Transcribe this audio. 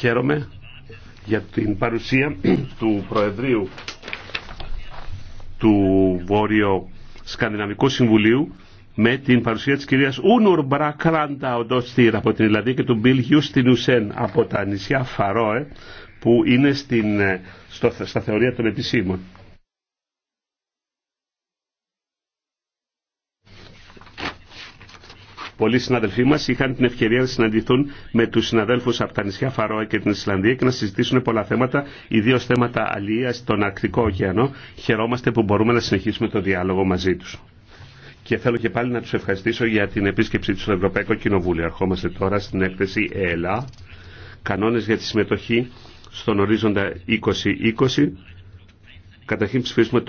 Χαίρομαι για την παρουσία του προεδρίου του Βόρειο Σκανδιναμικού Συμβουλίου με την παρουσία της κυρίας Ούνουρ Μπρακράντα Οντοστήρ από την Ιλλανδία και του Μπιλ στην Ουσέν από τα νησιά Φαρόε που είναι στην, στο, στα θεωρία των επισήμων. Πολλοί συναδελφοί μα είχαν την ευκαιρία να συναντηθούν με του συναδέλφου από τα νησιά Φαρόα και την Ισλανδία και να συζητήσουν πολλά θέματα, ιδίω θέματα αλληλεία στον Αρκτικό ωκεανό. Χαιρόμαστε που μπορούμε να συνεχίσουμε το διάλογο μαζί του. Και θέλω και πάλι να του ευχαριστήσω για την επίσκεψή του στο Ευρωπαϊκό Κοινοβούλιο. Ερχόμαστε τώρα στην έκθεση ΕΕΛΑ, κανόνε για τη συμμετοχή στον ορίζοντα 2020. Καταρχήν ψηφίσουμε